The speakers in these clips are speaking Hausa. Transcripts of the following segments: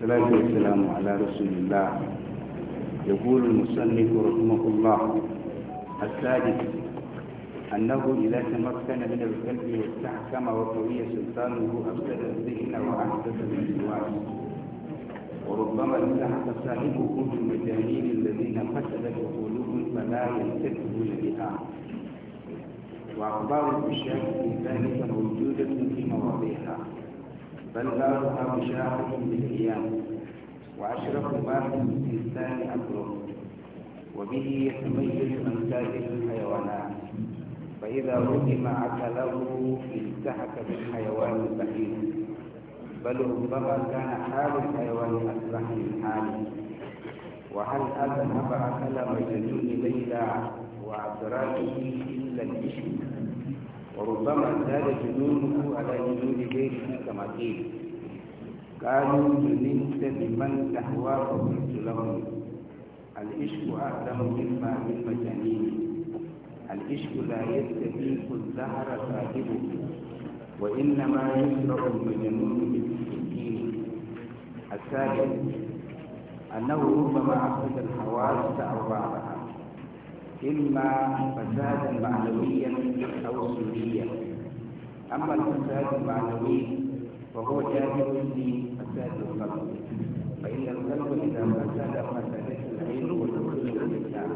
والصلاة والسلام على رسول الله يقول المصنف رحمه الله السادس أنه إذا تمكن من القلب واستحكم وقوي سلطانه أفسد الذهن وأحدث الوسواس وربما التحق صاحبه بالمجانين الذين فسدت عقولهم فلا يلتفتون بها وأخبار الشاك في ذلك موجودة في مواضعها بل لا يرقى بشاعر بالقيام وأشرف ما في الإنسان عقله وبه يتميز من سائر الحيوانات فإذا ردم عقله التحق بالحيوان البحيث بل ربما كان حال الحيوان أصلح من حاله وهل أذهب عقل مجنون ليلى واعتراضه إلا الاشمئزاز وربما زاد جنونه على جنون غيره كما قيل قالوا جننت بمن تهواه قلت لهم العشق أعلم مما من مجانين العشق لا يستفيق الزهر صاحبه وإنما يزرع المجنون بالسكين الثالث أنه ربما أخذ الحواس أو بعضها إما فسادا معنويا أو سلبيا أما الفساد المعنوي فهو جاهل فساد القلب فإن القلب إذا فساد فسدت العين والعقول والإسلام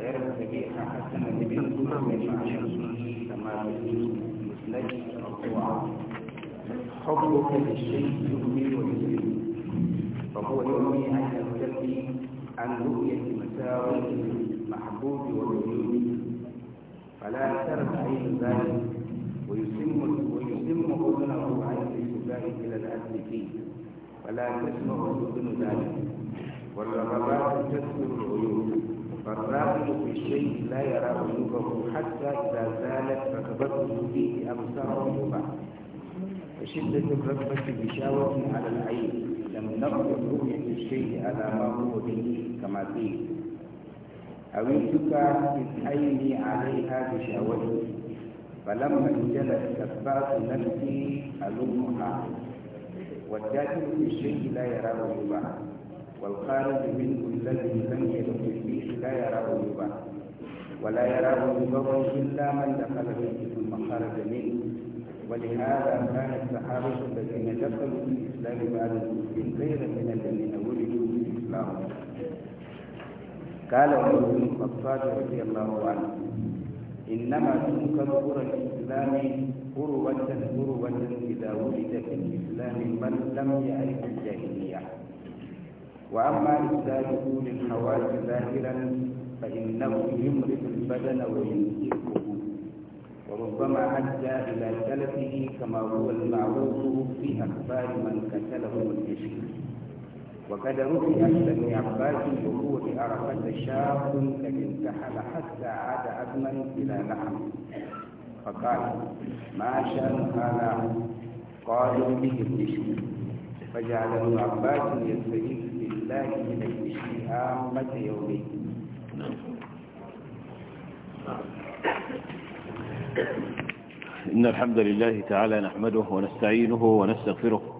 غير النبي صلى الله عليه وسلم كما يقول مسلم مرفوعا حبك للشيء يؤمن ويسلم فهو يؤمن أن القلب عن رؤية مساوئ المحبوب والمريد فلا ترك عين ذلك ويسم ويسم اذنه عن الاتباع الى الاهل فيه فلا تسمع اذن ذلك والرغبات تكسر العيون فالراغب في الشيء لا يرى عيوبه حتى اذا زالت رغبته فيه ابصر عيوبه وشدة الرغبة بشاوة على العين لم نقل رؤية الشيء على ما هو به كما فيه أويتك بالعين عليها بشهوتي فلما انجلت كفات نفسي ألمها والداخل في الشيء لا يراه يباح والخارج منه الذي لم يدخل فيه لا يراه يباح ولا يراه يباح إلا من دخل فيه ثم خرج منه ولهذا كان الصحابة الذين دخلوا في الإسلام بعد من غير من الذين ولدوا في الإسلام قال عمر بن الخطاب رضي الله عنه إنما تنكر قرى الإسلام قروة قروة إذا ولد في الإسلام من لم يعرف الجاهلية وأما إسلامه للحواس ظاهرا فإنه يمرض البدن وينسفه وربما أدى إلى تلفه كما هو المعروف في أخبار من قتله المشرك وقد روي عن ابن عباس وقوع عرفة شاب قد انتحل حتى عاد عزما إلى لحم فقال ما شأن هذا قالوا به المشرك فجعل ابن عباس يستجيب بالله من المشرك عامة يومه إن الحمد لله تعالى نحمده ونستعينه ونستغفره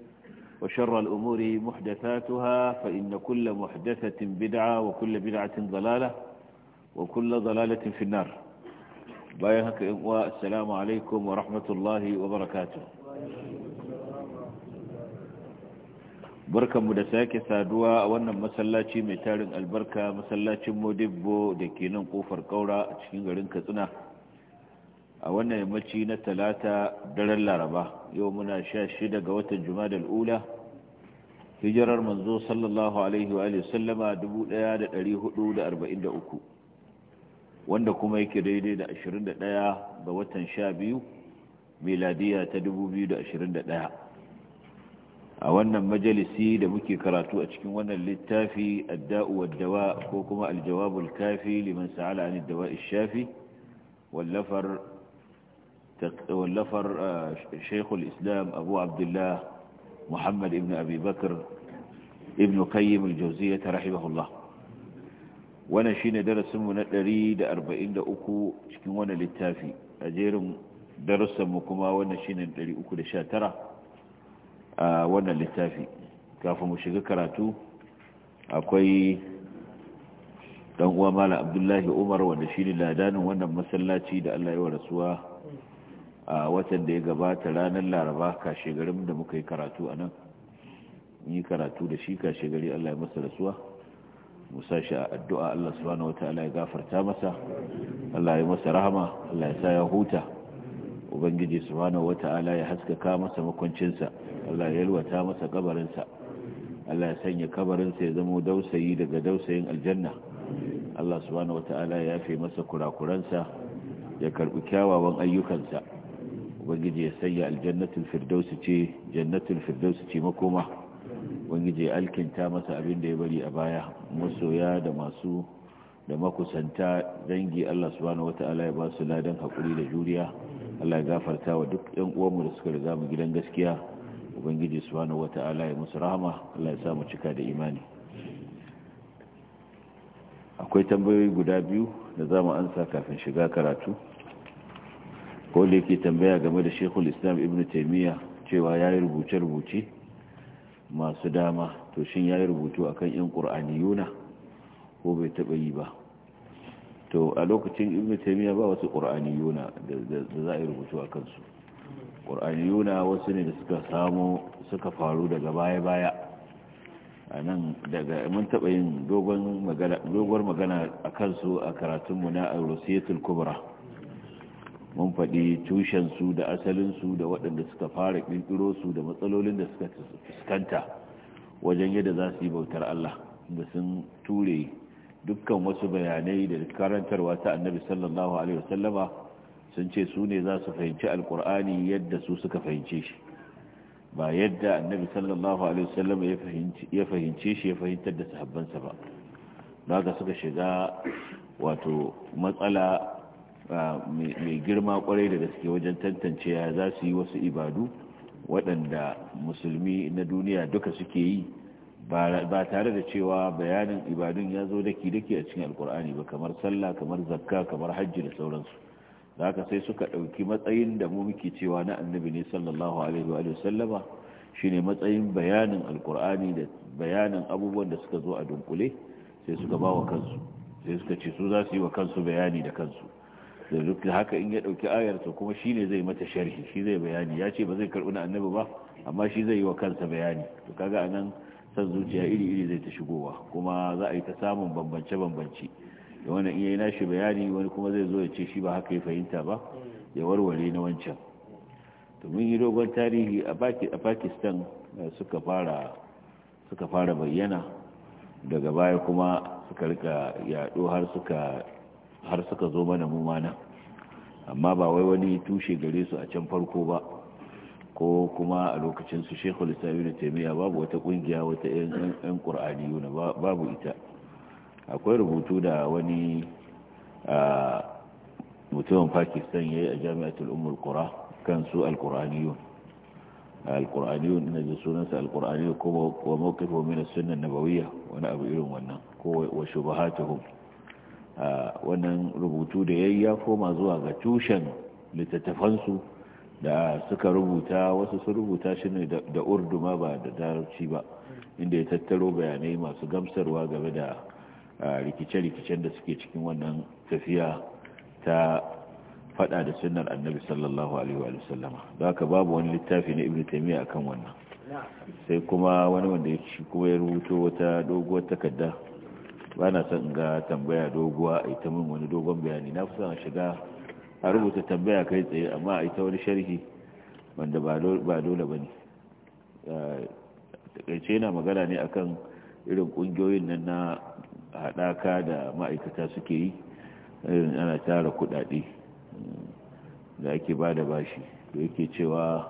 وشر الأمور محدثاتها فإن كل محدثة بدعة وكل بدعة ضلالة وكل ضلالة في النار بايهك والسلام عليكم ورحمة الله وبركاته بركة مدساكي سادوا وانا مسلاتي ميتارن البركة مسلاتي مدبو دكينن قوفر قورا اتشكين غرين كتنا a wannan yammaci na talata daren laraba yau muna sha shida ga watan jumada al'ula hijirar manzo sallallahu alaihi wa sallama 1443 wanda kuma yake daidai da 21 ga watan sha biyu miladiya ta 2021 a wannan majalisi da muke karatu a cikin wannan littafi adda'u dawa ko kuma aljawabul kafi liman sa'ala anid dawa'i shafi wallafar واللفر آه، شيخ الإسلام أبو عبد الله محمد ابن أبي بكر ابن قيم الجوزية رحمه الله وانا شين درس من الريد أربعين دأكو شكين وانا للتافي أجيرم درس مكما وانا شين الريد أكو لشاترة آه، وانا للتافي كافو مشيك كراتو أكوي dan uwa mala abdullahi umar wanda shi ne ladanin wannan masallaci da allah a watan da ya gabata ranar laraba garin da muka yi karatu a nan yi karatu da shi gari allah ya masa rasuwa musa shi a addu'a allah subhanahu wata allah ya gafarta masa allah ya masa rahama allah ya sa ya huta ubangiji subhanahu wata allah ya haskaka masa makwancinsa allah ya yalwata masa kabarinsa allah ya sanya kabarinsa ya zama dausayi daga dausayin aljanna allah subhanahu wata allah ya yafe masa kurakuransa ya karɓi kyawawan ayyukansa ubangiji ya sanya aljannatul firdausi ce jannatul firdausi ce makoma ubangiji ya alkinta masa abin da ya bari a baya masoya da masu da makusanta dangi Allah subhanahu wata'ala ya ba su ladan hakuri da juriya Allah ya gafarta wa duk ɗan uwanmu da suka riga mu gidan gaskiya ubangiji subhanahu wata'ala ya musu rahama Allah ya sa mu cika da imani akwai tambayoyi guda biyu da za mu ansa kafin shiga karatu ko da yake tambaya game da shekul islam ibn taimiyya cewa ya yi rubuce-rubuce masu dama to shin ya yi rubutu a kan yan yuna ko bai taɓa yi ba to a lokacin ibn taimiyya ba wasu yuna da za a yi rubutu a kansu yuna wasu ne da suka samo suka faru daga baya-baya a nan daga mun taɓa yin dogon magana a kansu a karatunmu na a rusiyatul kubra mun faɗi tushensu da asalinsu da waɗanda suka fara ƙirƙiro su da matsalolin da suka fuskanta wajen yadda za su yi bautar Allah da sun ture dukkan wasu bayanai da karantarwa ta annabi sallallahu alaihi wasallama sun ce su ne za su fahimci alkur'ani yadda su suka fahimce shi ba yadda annabi sallallahu alaihi wasallama ya fahimce shi ya fahimtar da sahabbansa ba za suka shiga wato matsala mai girma kwarai da gaske wajen tantance ya za su yi wasu ibadu waɗanda musulmi na duniya duka suke yi ba tare da cewa bayanin ibadun ya zo daki-daki a cikin alkur'ani ba kamar sallah kamar zakka kamar hajji da sauransu da haka sai suka ɗauki matsayin da mu muke cewa na annabi ne sallallahu alaihi wa sallama shine matsayin bayanin alkur'ani da bayanin abubuwan da suka zo a dunkule sai suka ba wa kansu sai suka ce su za su yi wa kansu bayani da kansu da duk haka in ya dauki ayar to kuma shine zai mata sharhi shi zai bayani ya ce ba zai karbi na annabi ba amma shi zai yi wa kansa bayani to kaga anan san zuciya iri iri zai ta shigowa kuma za a yi ta samun bambance bambance da wannan iya yana shi bayani wani kuma zai zo ya ce shi ba haka ya fahimta ba ya warware na wancan to mun yi dogon tarihi a Pakistan eh, suka fara suka fara bayyana daga baya kuma suka rika yaɗo har suka har suka zo mana mumana amma ba wai wani tushe gare su a can farko ba ko kuma a lokacin su shekul islami da taimiyya babu wata kungiya wata yan ƙur'ani na babu ita akwai rubutu da wani mutumin pakistan ya yi a jami'atul umar kura kan su alƙur'aniyun alƙur'aniyun ina da sunansa alƙur'aniyun kuma wa mawqifo min sunan sunnah wani abu irin wannan ko wa shubahatuhum wannan rubutu da yayi ya koma zuwa ga tushen littattafansu da suka rubuta wasu su rubuta shi ne da urduma ba da darabci ba inda ya tattaro bayanai masu gamsarwa game da rikice-rikicen da suke cikin wannan tafiya ta fada da sunnar annabi sallallahu alaihi wa sallama da haka babu wani littafi na ibnu taimiyya akan wannan sai kuma wani wanda ya ci kuma ya rubuto wata doguwar takarda ba na son ga tambaya doguwa a ita min wani dogon bayani na fi son shiga a rubuta tambaya kai tsaye amma a ita wani sharhi wanda ba dole ba ne takaice na magana ne akan irin kungiyoyin nan na haɗaka da ma'aikata suke yi irin ana tara kuɗaɗe da ake ba da bashi da yake cewa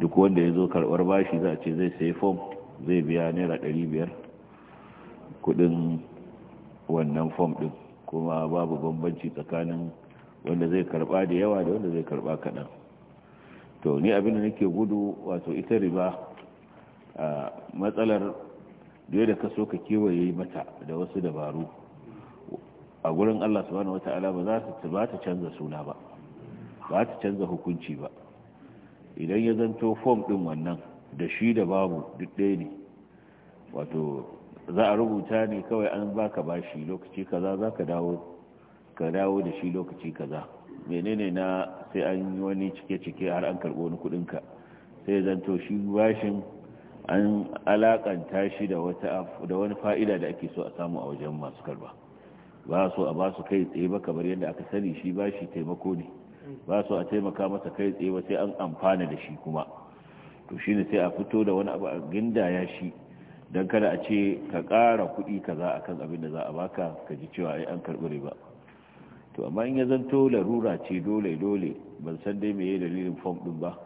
duk wanda ya zo karɓar bashi za ce zai sai fom zai biya naira ɗari biyar kudin wannan fom ɗin kuma babu bambanci tsakanin wanda zai karba da yawa da wanda zai karba kaɗan to ni abin da nake gudu wato ita riba a matsalar da da kaso ka kewaye mata da wasu dabaru a gurin Allah subhanahu wata'ala ba za ta ba ta canza suna ba ba ta canza hukunci ba idan ya zanto fom ɗin wannan da shi da babu duk ɗaya ne wato za a rubuta ne kawai an ba baka bashi lokaci kaza za ka dawo ka dawo da shi lokaci kaza menene na sai an yi wani cike-cike har an karɓo wani kuɗinka sai zanto shi bashin an alakanta shi da wani fa'ida da ake so a samu a wajen masu karba ba so a ba su kai tsaye ba kamar yadda aka sani shi bashi taimako ne ba so a taimaka masa kai tsaye ba sai an amfana da shi kuma to shi ne sai a fito da wani abu a ya shi don kada a ce ka ƙara kuɗi kaza a kan abin da za a baka ka ji cewa ai an karɓi riba to amma in ya zanto larura ce dole dole ban san dai me dalilin fom ɗin ba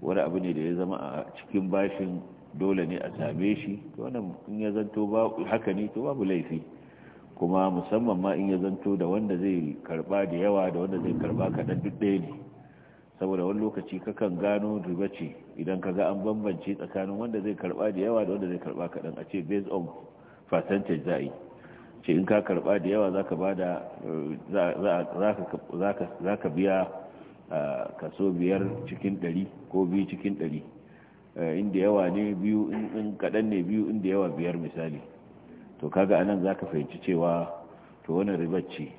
wani abu ne da ya zama a cikin bashin dole ne a same shi to wannan in ya zanto haka ne to babu laifi kuma musamman ma in ya zanto da wanda zai karba da yawa da wanda zai karba kaɗan duk ɗaya ne saboda wani lokaci kakan gano riba ce idan ka ga an bambance tsakanin wanda zai karba da yawa da wanda zai karba kaɗan a ce based on percentage za yi ce in ka karba da yawa za ka ba da za ka biya kaso biyar cikin ɗari ko biyu cikin ɗari inda yawa ne biyu in kaɗan ne biyu inda yawa biyar misali to kaga anan za ka fahimci cewa to wani riba ce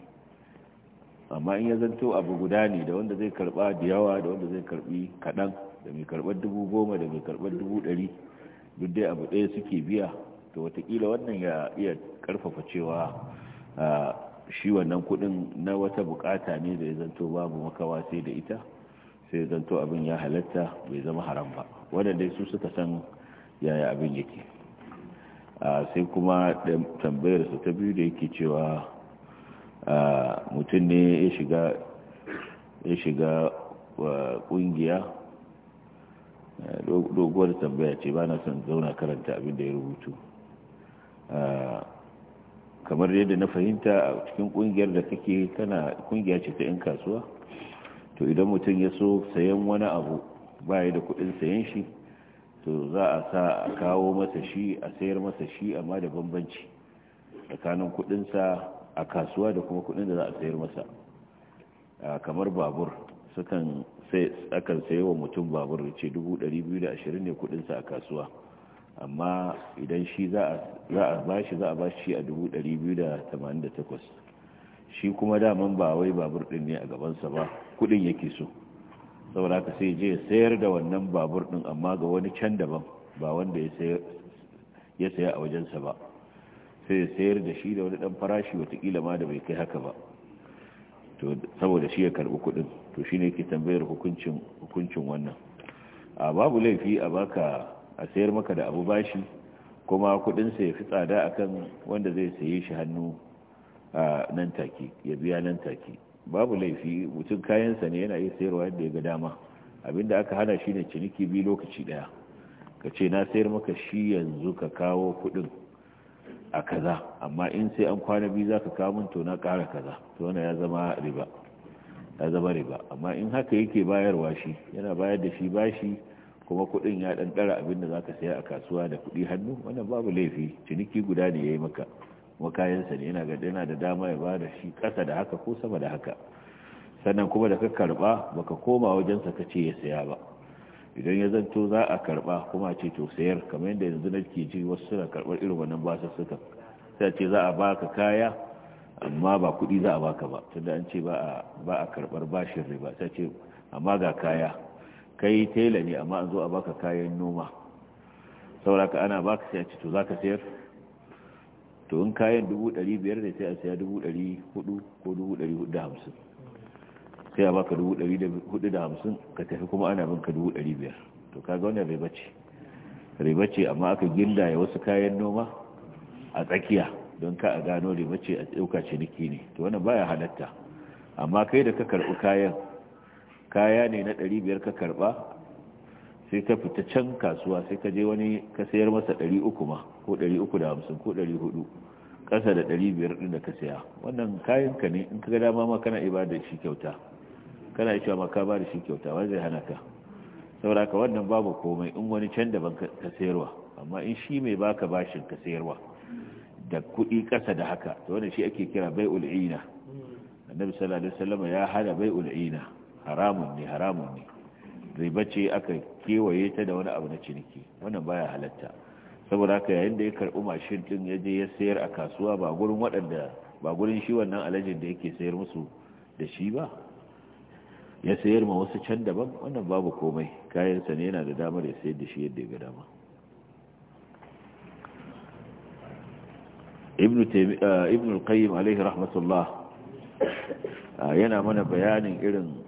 amma in ya zanto abu guda ne da wanda zai karba da yawa da wanda zai karbi kaɗan da mai karbar dubu goma da mai karbar dubu dari duk dai abu ɗaya suke biya to watakila wannan ya iya karfafa cewa shi wannan kuɗin na wata bukata ne da ya zanto babu makawa sai da ita sai zanto abin ya halatta bai zama haram ba waɗanda su suka san yaya abin yake sai kuma tambayar su ta biyu da yake cewa mutum ne ya shiga kungiya doguwar tambaya ce ba na son zauna karanta abin da ya rubutu kamar yadda na fahimta a cikin kungiyar da kake tana kungiya ce ta 'yan kasuwa to idan mutum ya so sayan wani abu baya da kudin sayan shi to za a sa a kawo masa shi a sayar masa shi amma da bambanci tsakanin kudinsa a kasuwa da kuma kudin da za a sayar masa kamar babur sukan akan sayi wa mutum babur da ce 220 ne kudinsa a kasuwa amma idan shi za a bashi za a shi a 288 shi kuma daman ba wai babur din ne a gabansa ba kudin yake so saboda haka sai je sayar da wannan babur din amma ga wani can daban ba wanda ya saya a wajensa ba sai sayar da shi da wani dan farashi watakila ma da bai kai haka ba to saboda shi ya karbi kudin to shine yake tambayar hukuncin hukuncin wannan a babu laifi a baka a sayar maka da abu bashi kuma kudin sa fi tsada akan wanda zai saye shi hannu a nan take ya biya nan take babu laifi mutum kayan sa ne yana iya sayarwa yadda ya ga dama abinda aka hana shine ciniki bi lokaci daya kace na sayar maka shi yanzu ka kawo kudin a kaza amma in sai an kwana biyu zaka kawo min to na kara kaza to wannan ya zama riba ya zama riba amma in haka yake bayarwa shi yana bayar da shi bashi kuma kuɗin ya ɗanɗara ɗara abin da zaka saya a kasuwa da kuɗi hannu wannan babu laifi ciniki guda ne ya yi maka kuma kayansa ne yana ga yana da dama ya ba da shi kasa da haka ko sama da haka sannan kuma da ka karɓa baka koma wajensa ka ce ya saya ba idan ya zanto za a karba kuma ce to sayar kamar yadda yanzu na ke ji wasu suna karbar irin wannan suka sai ce za a baka kaya amma ba kuɗi za a baka ba tunda an ce ba a karbar bashin riba sai ce amma ga kaya kai tela ne amma an zo a baka kayan noma sauraka ana baka sai a ce to za ka sayar to in kayan dubu dari biyar ne sai a saya dubu dari hudu ko dubu dari hudu hamsin sai a baka dubu ɗari da hudu da hamsin ka tafi kuma ana bin ka dubu ɗari biyar to kaga wannan riba ce riba ce amma aka gindaya wasu kayan noma a tsakiya don ka a gano riba ce a ɗauka ciniki ne to wannan baya halatta amma kai da ka karɓi kayan kaya ne na ɗari biyar ka karɓa sai ka fita can kasuwa sai ka je wani ka sayar masa ɗari uku ma ko ɗari uku da hamsin ko ɗari hudu ƙasa da ɗari biyar ɗin da ka saya wannan kayan ka ne in ka ga dama ma kana ibada shi kyauta kana cewa ma ka bari shi kyauta wani zai hana ka saboda wannan babu komai in wani can daban ka sayarwa amma in shi mai baka bashin ka sayarwa da kudi kasa da haka to wannan shi ake kira bai ul'ina annabi sallallahu alaihi wasallam ya hada bai ul'ina haramun ne haramun ne riba ce aka kewaye ta da wani abu na ciniki wannan baya halatta saboda haka yayin da ya karbi mashin din ya je ya sayar a kasuwa ba gurin waɗanda ba gurin shi wannan alajin da yake sayar musu da shi ba ya sayar ma wasu can daban wannan babu komai kayansa ne yana da damar ya sayar da shi yadda ya ga dama ibn ah, al-qayyim alaihi rahmatullah ah, yana mana bayanin irin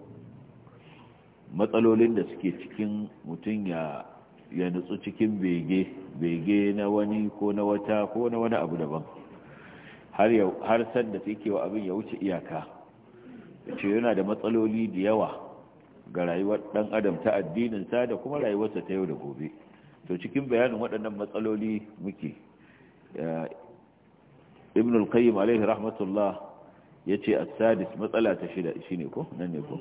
matsalolin da suke cikin mutum ya ya nutsu cikin bege bege na wani ko na wata ko na wani abu daban har sanda take wa abin ya wuce iyaka yana da matsaloli da yawa ga rayuwar ɗan adam ta addinin sa da kuma rayuwarsa ta yau da gobe to cikin bayanin waɗannan matsaloli muke eh, ibn al-qayyim alayhi rahmatullah yace as-sadis matsala ta shida shine ko nan ne ko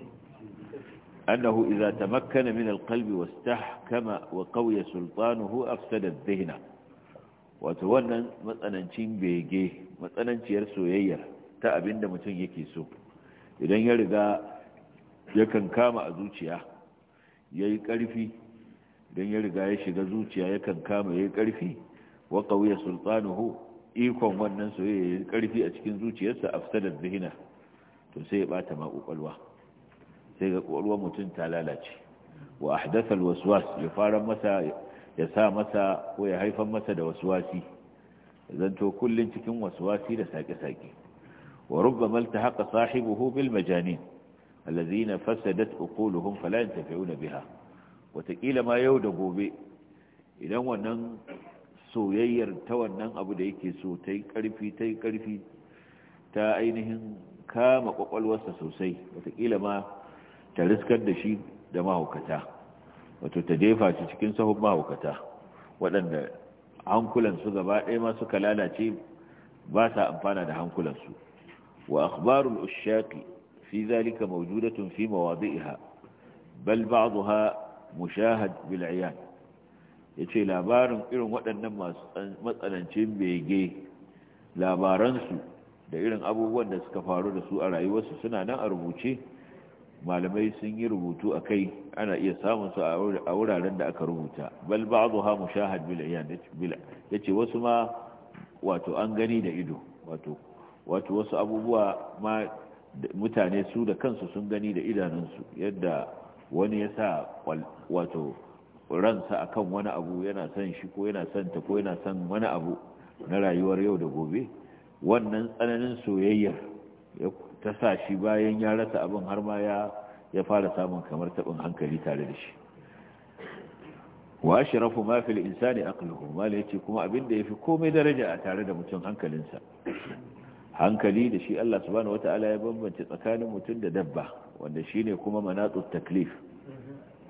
annahu idza tamakkana min al-qalbi wastahkama wa qawiya sultanuhu afsada adh-dhihna wato wannan matsanancin bege matsananciyar soyayya ta abinda mutum yake so idan ya riga kan kama a zuciya ya yi ƙarfi idan ya riga ya shiga zuciya yakan kama ya yi ƙarfi wa ƙauye hu? ikon wannan soyayya ya yi ƙarfi a cikin zuciyarsa a fitar da zihina to sai ya bata ma ƙwaƙwalwa sai ga ƙwaƙwalwa mutum ta lalace wa ahdathal waswas ya fara masa ya sa masa ko ya haifar masa da waswasi zanto kullun cikin waswasi da sake-sake وربما التحق صاحبه بالمجانين الذين فسدت أقولهم فلا ينتفعون بها وتقيل ما da به idan wannan soyayyar ta wannan abu da yake so ta yi ƙarfi ta yi ƙarfi ta ainihin kama ƙwaƙwalwarsa sosai watakila ma ta riskar da shi da mahaukata wato ta jefa shi cikin sahun mahaukata waɗanda hankulansu gaba ɗaya ma suka lalace ba sa amfana da hankulansu وأخبار الأشاق في ذلك موجودة في مواضعها بل بعضها مشاهد بالعيان yace labarin irin waɗannan masu matsanancin bege labaransu da irin abubuwan da suka faru da su a rayuwarsu suna nan a rubuce malamai sun yi rubutu a kai ana iya samun su a wuraren da aka rubuta bal ba'adu ha mushahad bil ayan yace wasu ma wato an gani da ido wato wato wasu abubuwa ma mutane su da kansu sun gani da idanunsu yadda wani ya sa wato ransa akan wani abu yana son shi ko yana son ta ko yana son wani abu na rayuwar yau da gobe wannan tsananin soyayyar ta sa shi bayan ya rasa abin har ma ya ya fara samun kamar taɓin hankali tare da shi wa shi ma fil insani aqluhu mal yace kuma abin da fi komai daraja a tare da mutum hankalinsa hankali da shi Allah subhanahu wata'ala ya bambance tsakanin mutum da dabba wanda shine kuma manatsu taklif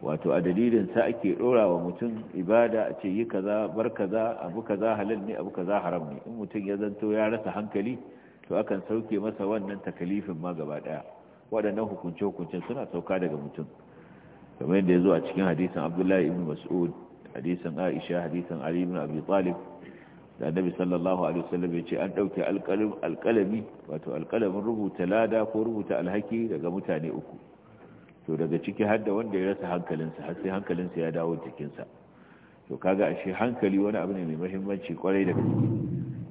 wato a dalilin sa ake dora wa mutum ibada a ce yi kaza bar kaza abu kaza halal ne abu kaza haram ne in mutum ya zanto ya rasa hankali to akan sauke masa wannan takalifin ma gaba daya waɗannan hukunce hukuncen suna sauka daga mutum kamar yadda ya zo a cikin hadisin Abdullahi ibn Mas'ud hadisin Aisha hadisin Ali ibn Abi Talib da annabi sallallahu alaihi wasallam ya ce an dauke alqalami wato alqalamin rubuta lada ko rubuta alhaki daga mutane uku to daga ciki har da wanda ya rasa hankalinsa har sai hankalinsa ya dawo sa to kaga ashe hankali wani abu ne mai muhimmanci kwarai da gaske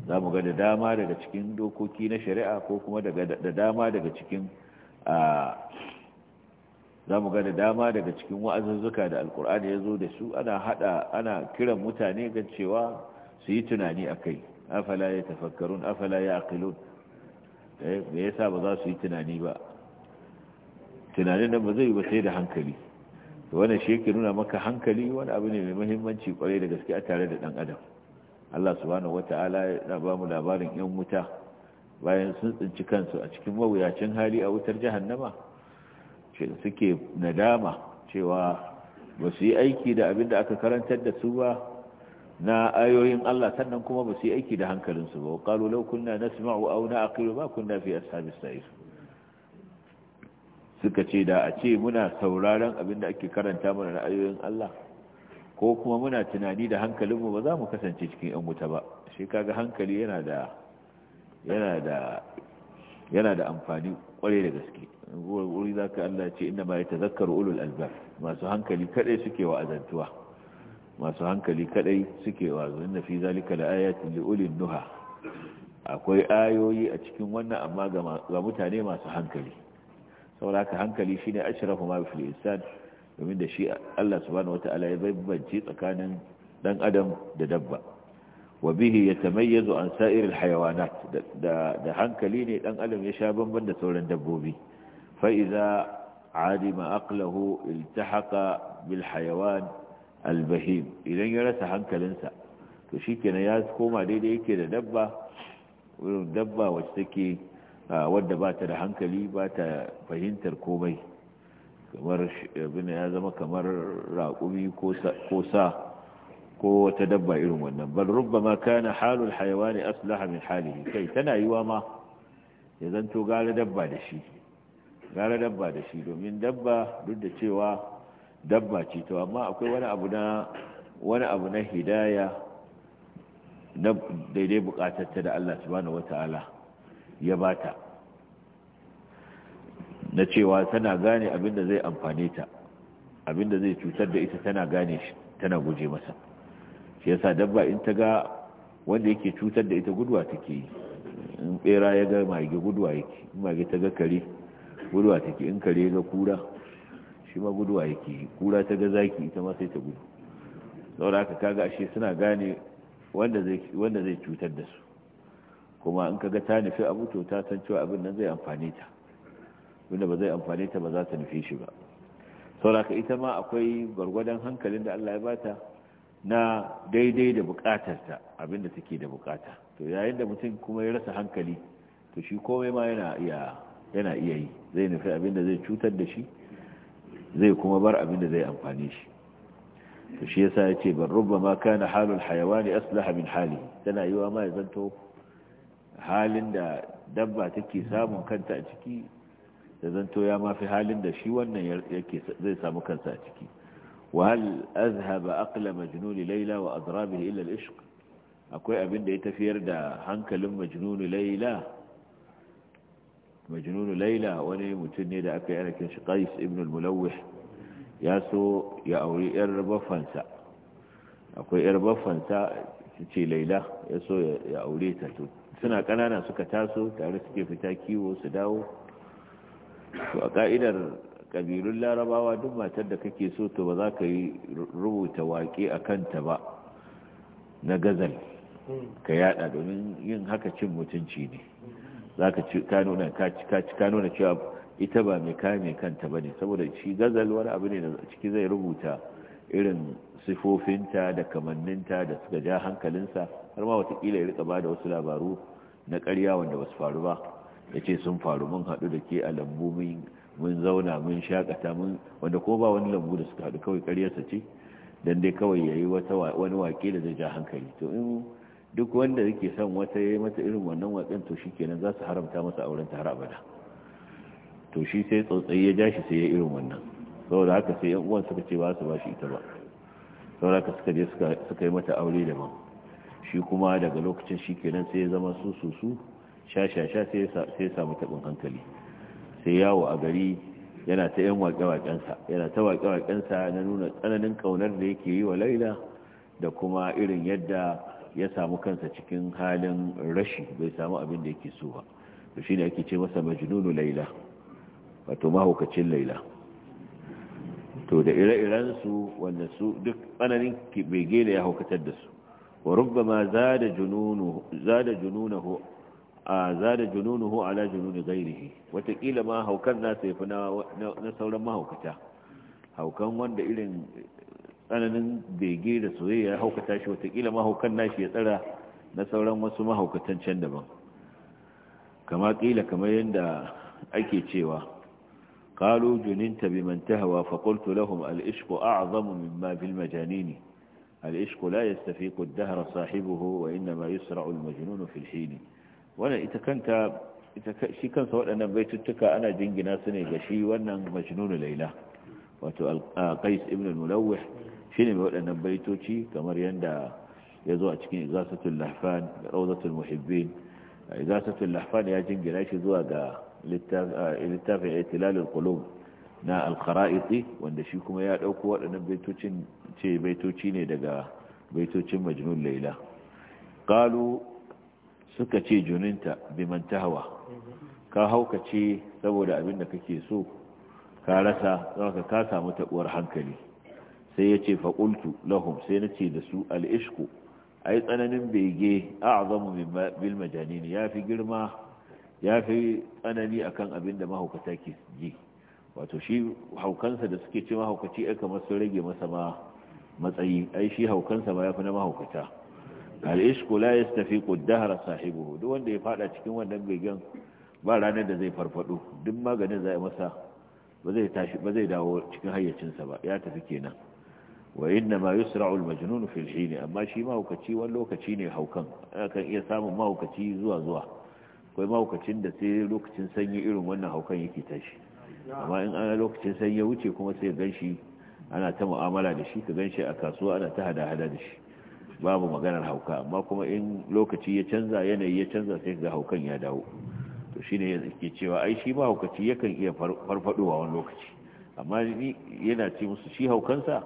za ga da dama daga cikin dokoki na shari'a ko kuma da dama daga cikin a zamu ga da dama daga cikin wa'azuzzuka da alkur'ani yazo da su ana hada ana kiran mutane ga cewa su yi tunani a kai afala ya tafakkarun afala ya aqilun da eh, ya sa ba za su yi tunani ba tunanin nan ba zai ba sai da hankali wani shi yake nuna maka hankali wani abu ne mai mahimmanci kwarai da gaske a tare da ɗan adam Allah wata ala ya ba mu labarin yan wuta bayan sun tsinci kansu a cikin mawuyacin hali a wutar jahannama suke nadama cewa ba su yi aiki da abin da aka karantar da su ba na ayoyin Allah sannan kuma ba su yi aiki da hankalinsu ba na law kunna nasma'u aw na'qilu fiye a sabis ashabis isu suka ce da a ce muna sauraron abin da ake karanta mana na ayoyin Allah ko kuma muna tunani da hankalinmu ba za mu kasance cikin yan wuta ba shi kaga hankali yana da amfani kwarai da gaske wuri za ka Allah ce inda ma zakar ulul albar masu hankali kadai suke wa azantuwa. masu hankali kadai suke wazo inna fi zalika laayatin liulil nuha akwai ayoyi a cikin wannan amma ga mutane masu hankali saboda haka hankali shine ashrafu ma fil insan domin da shi Allah subhanahu wataala ya bambance tsakanin dan adam da dabba wa bihi yatamayyazu an sa'iril hayawanat da da hankali ne dan adam ya sha bamban da sauran dabbobi fa idza adima aqlahu iltahaqa bil hayawan albahim idan ya rasa hankalinsa to shi kenan ya koma daidai yake da dabba wurin dabba wacce take wadda ba ta da hankali ba ta fahimtar komai kamar abin ya zama kamar raƙumi ko sa ko wata dabba irin wannan bal ma kana halul hayawani aslaha min halihi kai tana yiwa ma ya zanto gara dabba da shi gara dabba da shi domin dabba duk da cewa dabba ce to amma akwai wani abu na wani abu na hidaya na daidai bukatarta da Allah subhanahu wataala ya bata na cewa tana gane abinda zai amfane ta abinda zai cutar da ita tana gane shi tana guje masa shi yasa dabba in ta ga wanda yake cutar da ita guduwa take yi in bera ya ga mage guduwa yake in mage ta ga kare guduwa take in kare ya ga kura shi ma guduwa yake kura ta ga zaki ita ma sai ta gudu saboda haka kaga ashe suna gane wanda zai cutar da su kuma in ka ga ta nufi abu to ta san cewa abin nan zai amfane ta wanda ba zai amfane ta ba za ta nufi shi ba saboda haka ita ma akwai gwargwadon hankalin da Allah ya bata na daidai da bukatar ta abinda take da bukata to yayin da mutum kuma ya rasa hankali to shi komai ma yana iya yana iya yi zai nufi abinda zai cutar da shi zai kuma bar abin da zai amfani shi to shi yasa yace bar rubbama kana halul hayawani aslaha min hali tana yiwa ma ya zanto halin da dabba take samun kanta a ciki da zanto ya mafi halin da shi wannan yake zai samu kansa a ciki وهل Layla wa مجنون ليلى وأضرابه Ishq akwai abin da ya tafiyar da hankalin مجنون Layla? majnunu laila wani mutum ne da aka yi anakin shi qais ibn al-mulawih ya so ya auri yar bafansa akwai yar bafansa ce laila ya so ya aure ta to suna kanana suka taso tare suke fita kiwo su dawo to a ka'idar kabilun larabawa duk matar da kake so to ba za ka yi rubuta waƙe a kanta ba na gazal hmm. ka yada domin yin haka cin mutunci ne za ka ci ka nuna ka ka nuna cewa ita ba mai kayan mai kanta ba ne saboda shi gazal wani abu ne da ciki zai rubuta irin sifofinta da kamanninta da suka ja hankalinsa har ma watakila ya rika ba da wasu labaru na ƙarya wanda wasu faru ba ya ce sun faru mun haɗu da ke a lambu mun zauna mun shakata mun wanda ko ba wani lambu da suka haɗu kawai karyarsa ce dan dai kawai ya yi wani waƙe da zai ja hankali to in duk wanda yake son wata yayi mata irin wannan watsin to shikenan za su haramta masa auren ta har abada to shi sai tsotsai ya jashi sai ya irin wannan saboda haka sai yan uwan suka ce ba su ba shi ita ba saboda haka suka je suka yi mata aure da man shi kuma daga lokacin shikenan sai ya zama su su su sha sha sha sai ya samu tabin hankali sai yawo a gari yana ta yan waƙe sa yana ta waƙe sa na nuna tsananin ƙaunar da yake yi wa laila da kuma irin yadda ya samu kansa cikin halin rashi bai samu abin da yake so ba to shine ake ce masa majnunu laila wato mahaukacin laila to da ire-iren su wanda su duk tsananin bege da ya haukatar da su wa rubbama zada jununuhu zada jununuhu a zada jununuhu ala jununi ghairihi watakila ma haukan nasa yafi na sauran mahaukata haukan wanda irin tsananin bege da soyayya ya haukata shi watakila mahaukan nashi ya tsara na sauran wasu mahaukatan can daban kama kila kamar yadda ake cewa قالوا جننت بمن تهوى فقلت لهم الإشق أعظم مما في المجانين الإشق لا يستفيق الدهر صاحبه وإنما يسرع المجنون في الحين وانا إتكنت shi kansa waɗannan baituttuka ana jingina su ne ga shi wannan majnunu laila wato qais ibn al-mulawih ne mai waɗannan baitoci kamar yadda ya zo a cikin izasatun lahfan da rawzatul muhibbin izasatun lahfan ya jingira shi zuwa ga littafin itilalul qulub na al wanda shi kuma ya dauko waɗannan baitocin ce baitoci ne daga baitocin majinun laila ƙalu suka ce juninta biman tahwa ka haukace saboda abin da kake so ka rasa zaka ka samu taɓuwar hankali sai ya ce faƙultu lahum sai na ce da su al'ishku a yi tsananin bege a azamu bil majanin ya fi girma ya fi tsanani a kan abin da mahaukata ke ji wato shi haukansa da suke ce mahaukaci aka masu rage masa ma matsayi ai shi haukansa ba ya fi na mahaukata al'ishku la ya tafi ƙuddahar sahibu duk wanda ya fada cikin wannan begen ba ranar da zai farfado duk maganin za a masa ba zai dawo cikin hayyacinsa ba ya tafi kenan wa inna ma yusra'u al-majnun fi al-hin amma shi mahaukaci wani lokaci ne haukan kan iya samun mahaukaci zuwa zuwa akwai mahaukacin da sai lokacin sanyi irin wannan haukan yake tashi amma in ana lokacin sanyi ya wuce kuma sai ganshi ana ta mu'amala da shi ka ganshi a kasuwa ana ta hada-hada da shi babu maganar hauka amma kuma in lokaci ya canza yanayi ya canza sai ga haukan ya dawo to shine yake cewa ai shi mahaukaci yakan iya farfadowa wani lokaci amma yana ce musu shi haukansa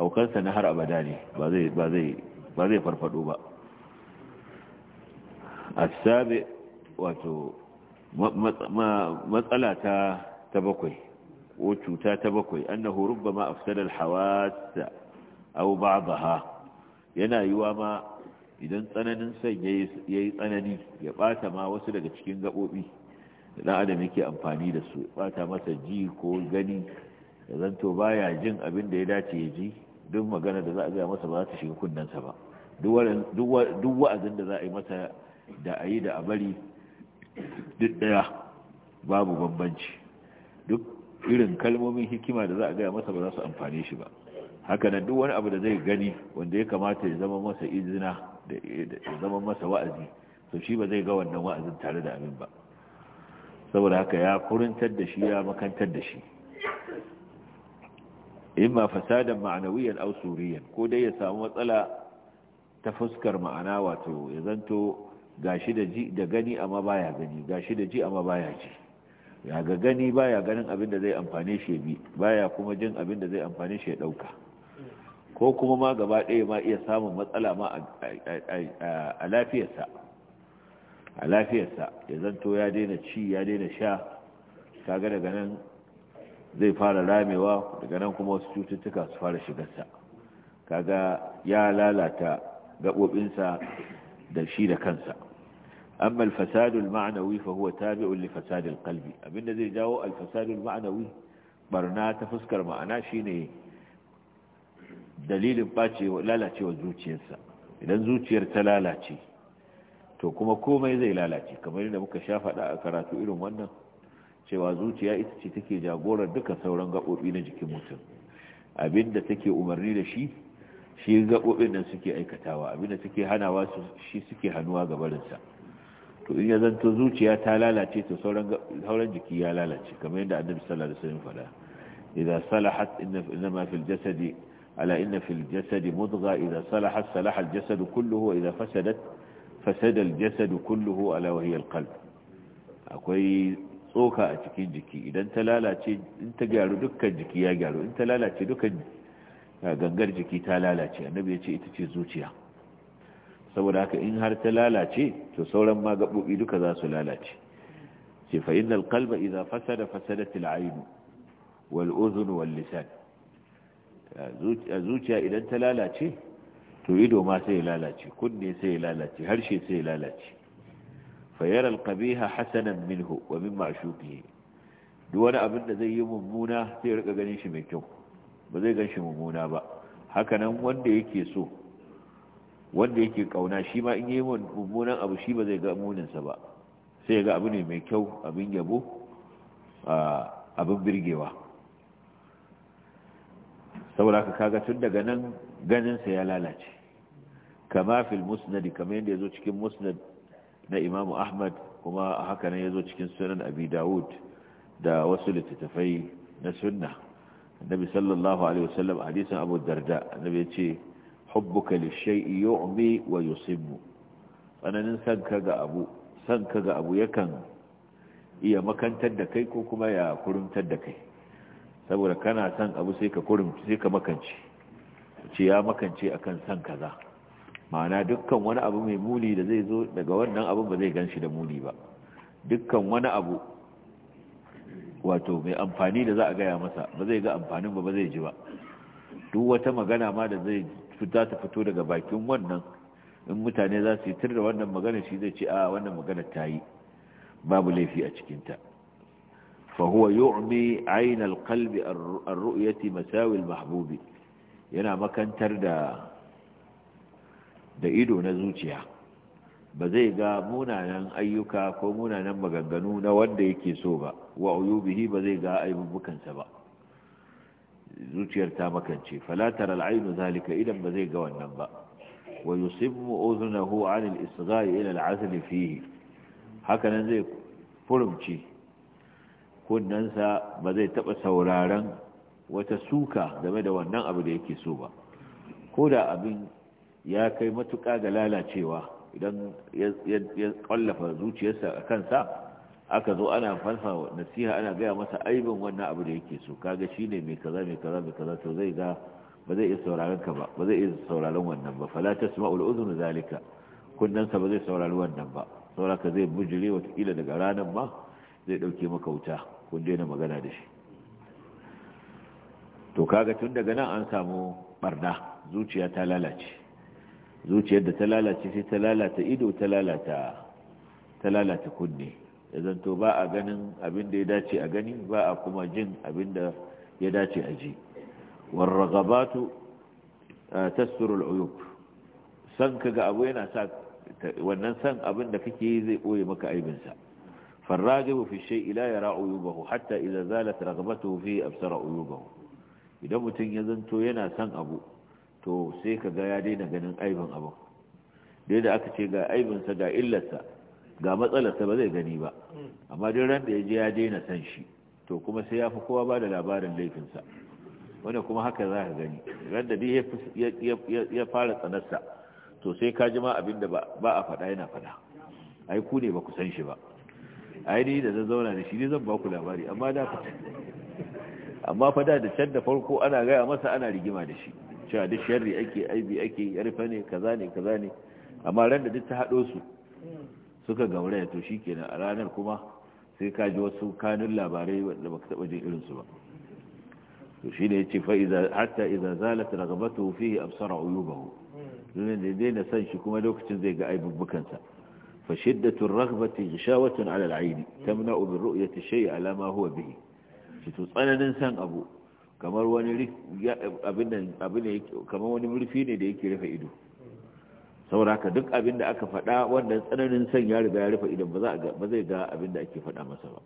haukansa na har abada ne ba zai farfado ba a sabi wato matsala ta bakwai ko cuta ta bakwai annahu rubbama afsadal hawasa aw ba'daha yana yiwa ma idan tsananin son yayi tsanani ya bata ma wasu daga cikin gabobi dan adam yake amfani da su bata masa ji ko gani ya zanto baya jin abin da ya dace ya ji duk magana da za a gaya masa ba za ta shiga kunnensa ba duk wa'azin da za a yi masa da a yi da a bari duk daya babu bambanci duk irin kalmomin hikima da za a gaya masa ba za su amfane shi ba haka nan duk wani abu da zai gani wanda ya kamata ya zama masa izina da ya zama masa wa'azi to shi ba zai ga wannan wa'azin tare da abin ba saboda haka ya kurintar da shi ya makantar da shi imma fasadan ma'anawiyan aw suriyan ko dai ya samu matsala ta fuskar ma'ana wato ya zanto gashi da ji da gani amma baya gani gashi da ji amma baya ji ya ga gani baya ganin abin da zai amfane shi bi baya kuma jin abin da zai amfane shi ya dauka ko kuma ma gaba ɗaya ma iya samun matsala ma a lafiyarsa a lafiyarsa ya zanto ya daina ci ya daina sha kaga daga nan zai fara ramewa daga nan kuma wasu cututtuka su fara shigarsa kaga ya lalata gaɓoɓinsa da shi da kansa amma alfasadul ma'anawi fa huwa tabi'un li fasadil qalbi abinda zai jawo alfasadul ma'anawi barna ta fuskar ma'ana shine dalilin bacewa lalacewa zuciyarsa idan zuciyar ta lalace to kuma komai zai lalace kamar yadda muka sha faɗa a karatu irin wannan cewa zuciya ita ce take jagorar duka sauran gaɓoɓi na jikin mutum abinda take umarni da shi shi gaɓoɓin nan suke aikatawa abinda take hanawa shi suke hannuwa gabarinsa to in ya zanto zuciya ta lalace ta sauran jiki ya lalace kamar yadda annabi sallallahu alaihi wasallam faɗa idza salahat inna ma fil jasadi ala inna fil jasadi mudgha idza salahat salaha al jasadu kulluhu wa idza fasadat fasada al jasadu kulluhu ala wa hiya al qalb akwai tsoka a cikin jiki idan ta lalace in ta gyaru dukkan jiki ya gyaru in ta lalace dukkan gangar jiki ta lalace annabi ya ce ita ce zuciya saboda haka in har ta lalace to sauran ma duka za su lalace ce fa innal qalba idza fasada fasadat al-ayn wal udhun wal lisan zuciya idan ta lalace to ido ma sai ya lalace kunne sai ya lalace harshe sai ya lalace fayar alkabiha hasanan minhu wa min ma'ashuki duk wani abin da zai yi mummuna sai rika ganin shi mai kyau ba zai gan shi mummuna ba Haka nan wanda yake so wanda yake kauna shi ma in yi mummunan abu shi ba zai ga muninsa ba sai ga abu ne mai kyau abin yabo abin birgewa saboda ka kaga tun daga nan ganinsa ya lalace kama fil musnadi kamar yadda ya zo cikin musnad na imamu ahmad kuma haka ne ya zo cikin sunan abi dawud da wasu littattafai na sunna annabi sallallahu alaihi wasallam hadisin abu darda annabi ya ce hubbuka lishay'i yu'mi wa yusimmu tsananin san ka ga abu yakan iya makantar da kai ko kuma ya kurumtar da kai saboda kana san abu sai ka makance ce ya makance akan san kaza ma'ana dukkan wani abu mai muni da zai zo daga wannan abin ba zai ganshi da muni ba dukkan wani abu wato mai amfani da za a gaya masa ba zai ga amfanin ba ba zai ji ba duk wata magana ma da zai za ta fito daga bakin wannan in mutane za su yi tur da wannan magana shi zai ce a ah, wannan magana ta yi babu laifi a cikinta fahuwa yu'mi aynal qalbi ar-ru'yati masawi mahbubi yana makantar da da ido na zuciya ba zai ga munanan ayyuka ko munanan maganganu na wanda yake so ba wa uyubihi ba zai ga aibubukansa ba zuciyar ta makance falatar al'ainu zalika idan ba zai ga wannan ba wa yusibu uzunahu an al-isghai ila al-azli fihi hakanan zai furumci kunnansa ba zai taba sauraron wata suka game da wannan abu da yake so ba ko da abin ya kai matuƙa ga lalacewa idan ya kwallafa zuciyarsa a kansa aka zo ana falfa nasiha ana gaya masa aibin wannan abu da yake so kaga shi ne mai kaza mai kaza mai kaza to zai ga ba zai iya sauraron ka ba ba zai iya sauraron wannan ba fala tasma'ul udhun zalika kunnan ba zai saurari wannan ba sauraka zai bujire watakila daga ranar ma zai dauke maka wuta kun daina magana da shi to kaga tun daga nan an samu barna zuciya ta lalace zuciyar da ta lalace sai ta lalata ido ta lalata kunne ya ba a ganin abin da ya dace a gani ba a kuma jin abin da ya dace a ji warragabatu eh, tasturu uyub san kaga abu yana sa wannan san abin da kake yi zai boye maka aibinsa فالراغب في الشيء bahu hatta عيوبه حتى إذا زالت رغبته فيه uyu bahu idan mutum ya zanto yana san abu to sai ka ga ya daina ganin aibin abin dai da aka ce ga aibinsa ga illarsa ga matsalarsa ba zai gani ba amma duk ran da ya je ya daina san shi to kuma sai ya fi kowa ba da labarin laifinsa wanda kuma haka za ka gani ran da ya fara tsanarsa to sai ka ji ma abin da ba a faɗa yana faɗa ai ku ne ba ku san shi ba ai ni da zan zauna da shi ne zan ba ku labari amma da amma fa da can da farko ana gaya masa ana rigima da shi cewa duk sharri ake aibi ake yarfa ne kaza ne kaza ne amma ran da duk ta haɗo su suka gauraya to shikenan a ranar kuma sai ka ji wasu kanun labarai wanda baka taba jin irin su ba to shi ne yace fa iza hatta iza zalat ragabatuhu fihi absara uyubahu dole ne dai na san shi kuma lokacin zai ga aibubbukan sa fa shiddatu ar-raghbati ghishawatun 'ala al-'ayn tamna'u bi ru'yati shay'i 'ala ma huwa bihi shi to tsananin san abu kamar wani kamar wani murfi ne da yake rufe ido sauraka duk abin da aka faɗa wanda tsananin son ya riga ya rufe ido ba zai ga abin da ake faɗa masa ba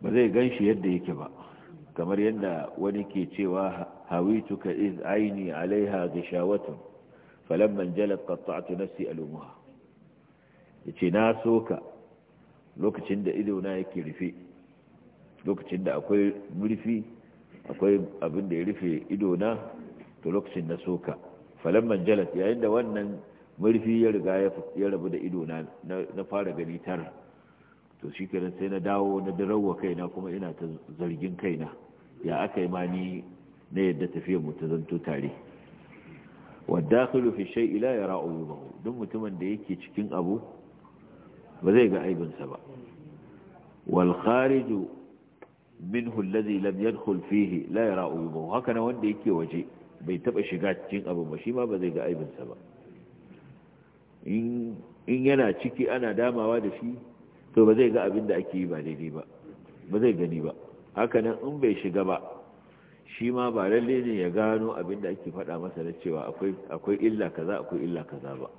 ba zai gan shi yadda yake ba kamar yadda wani ke cewa hawituka iz aini alaiha gishawatun falamman jalat na nafsi alumuha yace na soka lokacin da ido na yake rufe lokacin da akwai murfi akwai abin da ya rufe ido na to na soka falamman jalat yayin da wannan murfi ya riga ya rabu da ido na na fara gani tar to shi kenan sai na dawo na darawa kaina kuma ina ta zargin kaina ya aka yi ni na yadda tafiyar mu ta zanto tare والداخل في الشيء لا يرى عيوبه don mutumin da yake cikin abu ba zai ga aibinsa ba wal minhu allazi lam yadkhul fihi la yara uyubahu haka nan wanda yake waje bai taba shiga cikin abu ba shi ma ba zai ga aibin sa ba in in yana ciki ana damawa da shi to ba zai ga abin da ake yi ba daidai ba ba zai gani ba haka nan in bai shiga ba shi ma ba lalle ne ya gano abin da ake faɗa masa na cewa akwai akwai illa kaza akwai illa kaza ba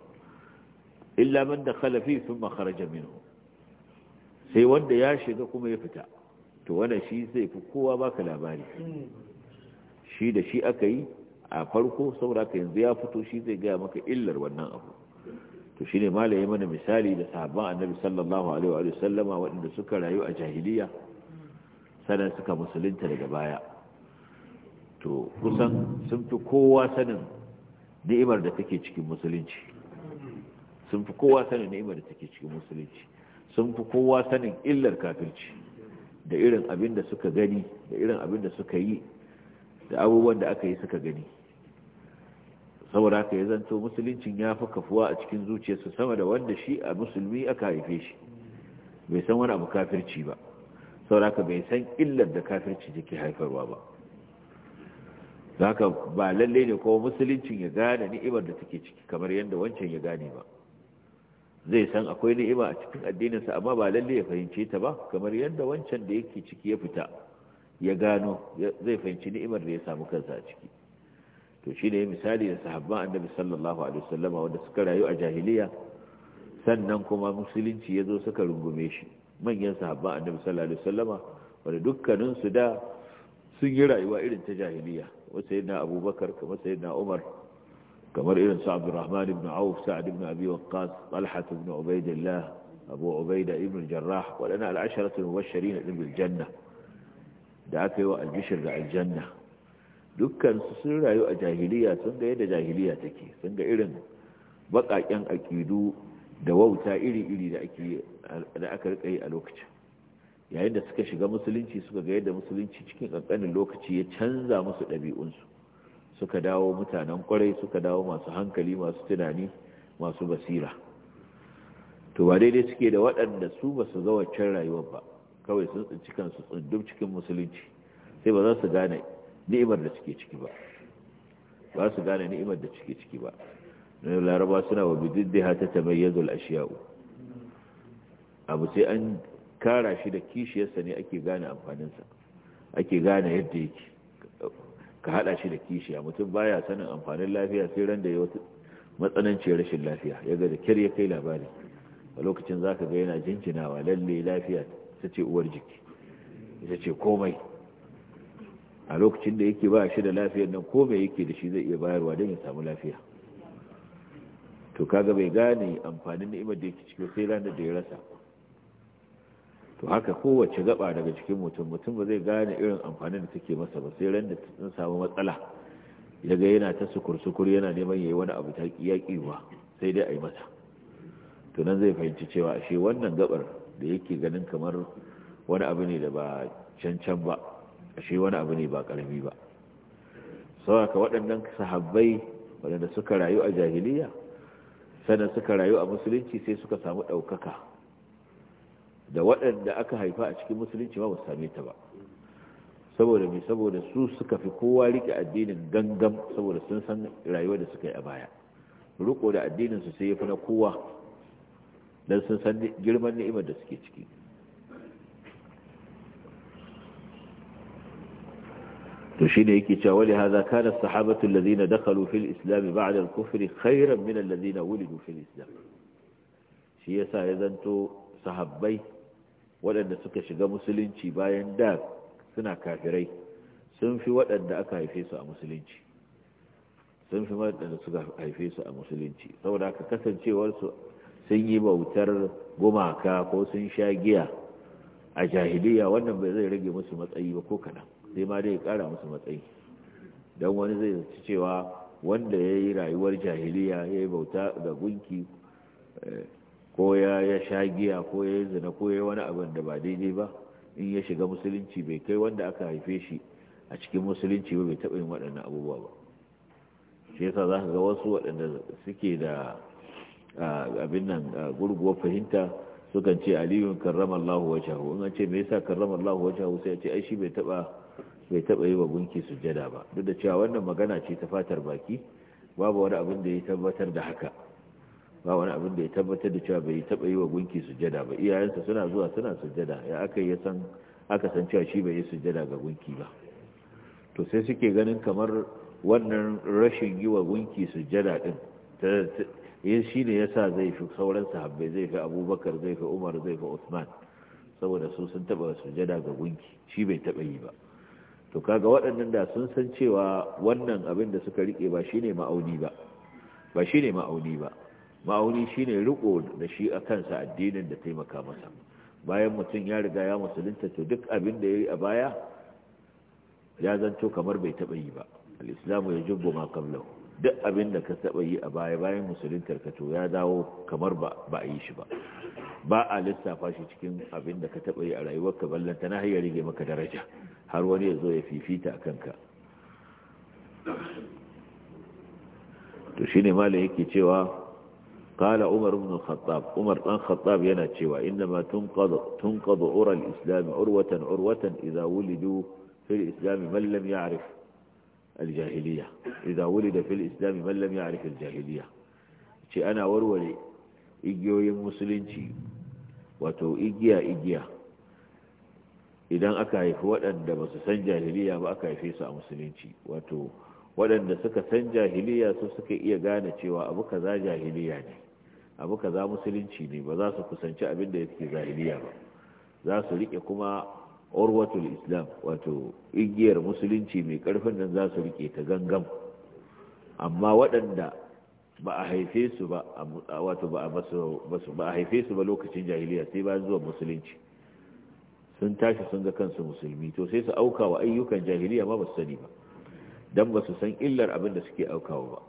illa man dakhala fi thumma kharaja minhu sai wanda ya shiga kuma ya fita to wannan shi zai fi kowa baka labari shi da shi aka yi a farko saboda ka yanzu ya fito shi zai gaya maka illar wannan abu to shi ne malaye mana misali da sahabban annabi sallallahu alaihi wa sallama waɗanda suka rayu a jahiliya sannan suka musulunta daga baya to kusan sun fi kowa sanin ni'imar da take cikin musulunci sun fi kowa sanin ni'imar da take cikin musulunci sun fi kowa sanin illar kafirci da irin abin da suka gani da irin abin da suka yi da abubuwan da aka yi suka gani saboda ka ya zanto musuluncin ya fi kafuwa a cikin zuciyarsu sama da wanda shi a musulmi aka haife shi bai san wani abu kafirci ba saboda ka bai san illar da kafirci take haifarwa ba za ka ba lalle ne kuma musuluncin ya gane ni'imar da take ciki kamar yadda wancan ya gane ba zai san akwai ni'ima a cikin addininsa amma ba lalle ya fahimce ta ba kamar yadda wancan da yake ciki ya fita ya gano zai fahimci ni'imar da ya samu kansa a ciki to shi ne misali da sahabban annabi sallallahu alaihi wasallam wanda suka rayu a jahiliya sannan kuma musulunci ya zo suka rungume shi manyan sahabban annabi sallallahu alaihi wasallama wanda dukkanin su da sun yi rayuwa irin ta jahiliya wasu yana abubakar kuma sayyidina umar kamar irin su abdurrahman ibn auf sa'ad ibn abi waqqas talha ibn ubaidillah abu ubaida ibn jarrah waɗannan al'asharatul mubashirin din bil janna da aka yi wa albishir da aljanna dukkan su sun rayu a jahiliya sun ga yadda jahiliya take sun ga irin baƙaƙen aƙidu da wauta iri-iri da aka rika yi a lokacin yayin da suka shiga musulunci suka ga yadda musulunci cikin ƙanƙanin lokaci ya canza musu ɗabi'unsu suka dawo mutanen kwarai suka dawo masu hankali masu tunani masu basira to ba daidai suke da waɗanda su ba su can rayuwar ba kawai sun tsinci kansu tsundum cikin musulunci sai ba za su gane ni'imar da suke ciki ba ba su gane ni'imar da suke ciki ba don laraba suna wa bididdiha ta tamayyazul ashiya'u abu sai an kara shi da kishiyarsa ne ake gane amfaninsa ake gane yadda yake ka hada shi da kishiya mutum baya sanin amfanin lafiya sai ran da ya wata matsananciyar rashin lafiya ya ga da kyar ya kai labari a lokacin za ka ga yana jinjinawa lalle lafiya ta ce uwar jiki ita ce komai a lokacin da yake ba shi da lafiyar nan ko mai yake da shi zai iya bayarwa don ya samu lafiya to kaga bai gane amfanin ni'imar da yake ciki sai ranar da ya rasa to haka kowace gaba daga cikin mutum mutum ba zai gane irin amfanin da take masa ba sai ran da sun samu matsala ya ga yana ta sukur-sukur yana neman yayi wani abu ta yaƙi ba sai dai a yi masa to zai fahimci cewa ashe wannan gabar da yake ganin kamar wani abu ne da ba cancan ba ashe wani abu ne ba karami ba sauka waɗannan sahabbai waɗanda suka rayu a jahiliya sannan suka rayu a musulunci sai suka samu ɗaukaka da waɗanda aka haifa a cikin musulunci ba su same ta ba saboda mai saboda su suka fi kowa rike addinin gangan saboda sun san rayuwar da suka yi a baya riko da addinin su sai ya fi na kowa don sun san girman ni'imar da suke ciki to shi ne yake cewa wani haza kana sahabatu lazina dakalu fil islam ba da kufri khayran minan alladhina wuli fil islam shi ya sa ya zanto sahabbai waɗanda suka shiga musulunci bayan da suna kafirai sun fi waɗanda aka haife su a musulunci sun fi waɗanda suka haife su a musulunci saboda haka kasancewarsu sun yi bautar gumaka ko sun sha giya a jahiliya wannan bai zai rage musu matsayi ba ko kaɗan sai ma dai ya ƙara musu matsayi don wani zai zaci cewa wanda ya yi rayuwar jahiliya ya yi bauta ga gunki eh, ko ya ya sha giya ko ya yi zina ko ya yi wani abin da ba daidai ba in ya shiga musulunci bai kai wanda aka haife shi a cikin musulunci ba bai taɓa yin waɗannan abubuwa ba shi yasa za ka ga wasu waɗanda suke da abin nan gurguwar fahimta sukan ce aliyun karrama Allahu wajahu in an ce me yasa karrama Allahu wajahu sai a ce ai shi bai taɓa bai taɓa yi wa gunki sujjada ba duk da cewa wannan magana ce ta fatar baki babu wani abin da ya tabbatar da haka ba wani abin da ya tabbatar da cewa bai taba yi wa gunki sujada ba iyayensa suna zuwa suna sujada ya aka yi san aka san cewa shi bai yi sujada ga gunki ba to sai suke ganin kamar wannan rashin yi wa gunki sujada din ya shi ne yasa zai fi sauran sahabbai zai fi abubakar zai fi umar zai fi usman saboda su sun taba sujada ga gunki shi bai taba yi ba to kaga waɗannan da sun san cewa wannan abin da suka rike ba shine ma'auni ba ba shine ma'auni ba ma'auni shine riko da shi a kansa addinin da taimaka masa bayan mutum ya riga ya musulunta to duk abin da ya yi a baya ya zanto kamar bai taɓa yi ba al'islamu ya jubbo ma kamlau duk abin da ka taɓa yi a baya bayan musuluntar ka to ya dawo kamar ba a yi shi ba ba a lissafa shi cikin abin da ka taɓa yi a rayuwarka ballanta na hanyar rige maka daraja har wani ya zo ya fifita a kanka to shine malam yake cewa قال عمر بن الخطاب عمر بن الخطاب يناتشوا إنما تنقض, تنقض عرى الإسلام عروة عروة إذا ولدوا في الإسلام من لم يعرف الجاهلية إذا ولد في الإسلام من لم يعرف الجاهلية شي أنا ورولي إجيوي مسلنشي wato igiya igiya idan aka haifi waɗanda ba su san jahiliya ba aka haife su a musulunci wato waɗanda suka san jahiliya su suka iya gane cewa abu kaza jahiliya ne abu za musulunci ne ba za su kusanci abin da yake zahiliya ba za su rike kuma urwatul islam wato igiyar musulunci mai karfin nan za su rike ta gangan amma waɗanda ba a haife su ba wato ba a haife su ba lokacin jahiliya sai ba zuwa musulunci sun tashi sun ga kansu musulmi to sai su auka wa ayyukan jahiliya ma ba su sani ba don ba su san illar abin da suke aukawa ba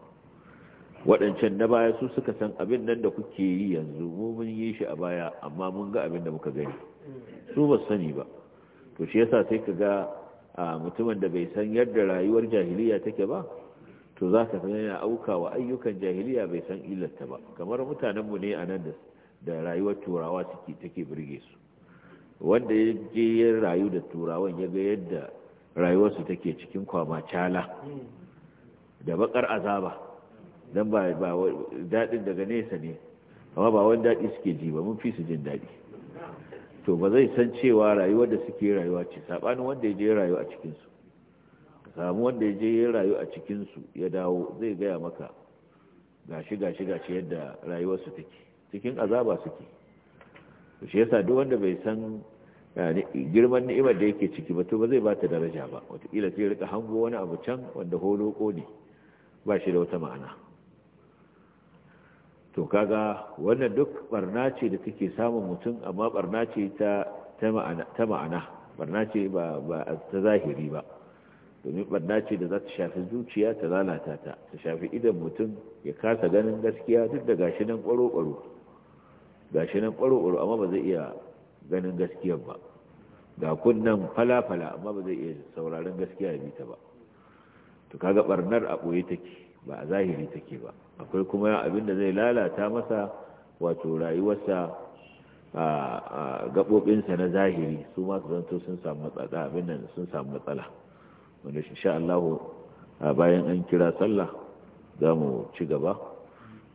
waɗancan na baya su suka san abin nan da kuke yi yanzu mu mun yi shi a baya amma mun ga abin da muka gani su ba sani ba to shi yasa sai ka ga mutumin da bai san yadda rayuwar jahiliya take ba to za ka san yana auka wa ayyukan jahiliya bai san illarta ba kamar mutanenmu ne a nan da rayuwar turawa suke take birge su wanda ya je rayu da turawan ya ga yadda rayuwarsu take cikin kwamacala hmm. da bakar azaba dan ba ba daga nesa ne amma ba wani daɗi suke ji ba mun fi su jin daɗi to ba zai san cewa rayuwar da suke rayuwa ce sabanin wanda ya je rayu a cikin su samu wanda ya je ya rayu a cikin ya dawo zai gaya maka gashi gashi gashi yadda rayuwarsu su take cikin azaba suke shi yasa duk wanda bai san girman ni'imar da yake ciki ba to ba zai bata daraja ba wataƙila sai rika hango wani abu can wanda holoko ne ba shi da wata ma'ana to kaga wannan duk barna ce da take samun mutum amma barna ce ta ta ma'ana barna ce ba ta zahiri ba domin barna ce da za ta shafi zuciya ta lalata ta ta shafi idan mutum ya kasa ganin gaskiya duk da gashi nan kwaro-kwaro gashi nan kwaro-kwaro amma ba zai iya ganin gaskiya ba ga kunnan fala-fala amma ba zai iya sauraron gaskiya bi ta ba to kaga barnar a ɓoye take ba a zahiri take ba akwai kuma abin da zai lalata masa wato rayuwarsa a gaɓoɓinsa na zahiri su masu zanto sun samu matsala abin nan sun samu matsala wanda shi sha Allah bayan an kira sallah za mu ci gaba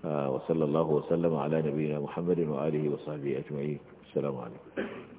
wa sallallahu wa sallama ala nabiyina muhammadin wa alihi wa sahbihi ajma'in assalamu alaikum